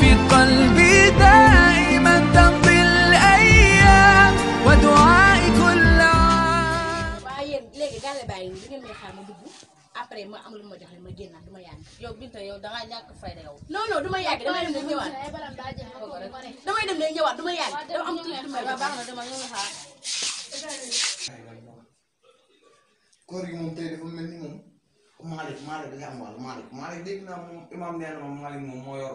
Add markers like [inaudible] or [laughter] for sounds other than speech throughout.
في قلبي دائما تمضي الأيام ودعائي كل عام après ma am ma joxe ma génnaat du ma yow Binta yow da ngaa ñàkk fayda yow non non du ma yàgg dem day ñëwaat dem day ñëwaat du dama am tuuti du ma baax na dama ñëw xaar koor gi moom tey dafa mel ni moom Malick da nga am wàll Malick Malick dégg naa moom imam nee na moom Malick moom yor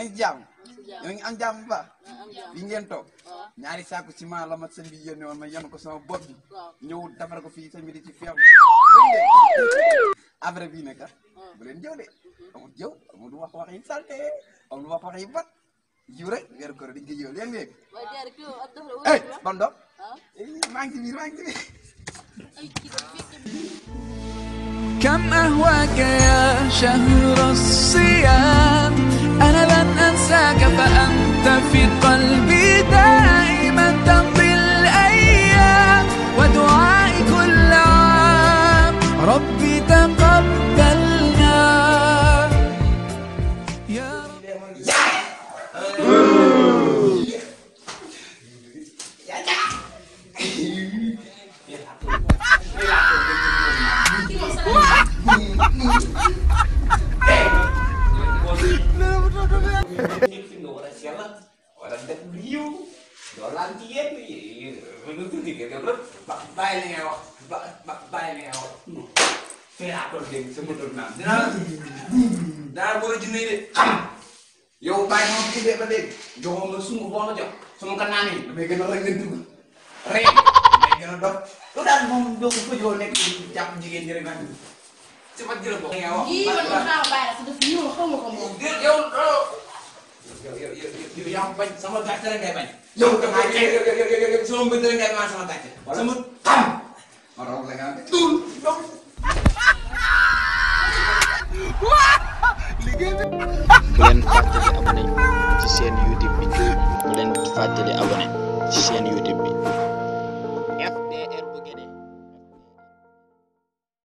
ngi jam ñoo ngi am jam ba bi ngeen toog ñaari saako la bi ma ko sama bopp bi ñëw defar ko fii sa midi ci feew après bii nag bu leen jëw de jëw wax wax yi salte amul wax wax yi bat jiw rek weer ko dañ jëw leen léegi eh ban doom maa ngi ci كم أهواك يا شهر الصيام أنا في قلبي دائما تمضي الأيام ودعائي كل عام ربي تقبلنا يا [laughs] Banten Riu dolan tien tuh, menutu tuh terus bak bae ning awak bak bak bae ning awak Teater ding semudur nam. boleh dar boy jenenge Yo bay mo ki de bade jogo mo sumu bono jo sumu kanani be gëna rek ngeen dugg jigen bay yaa ko bañ sama gàcce la ngay bañ. yow damaa jeex yow yow yow yow sama mbënd la ngay bañ sama gàcce. wala sama xam. ma roog la nga am tuul donc. liggéey bi. bu leen fàttali abonné ci seen YouTube bi bu leen fàttali abonné ci seen YouTube bi.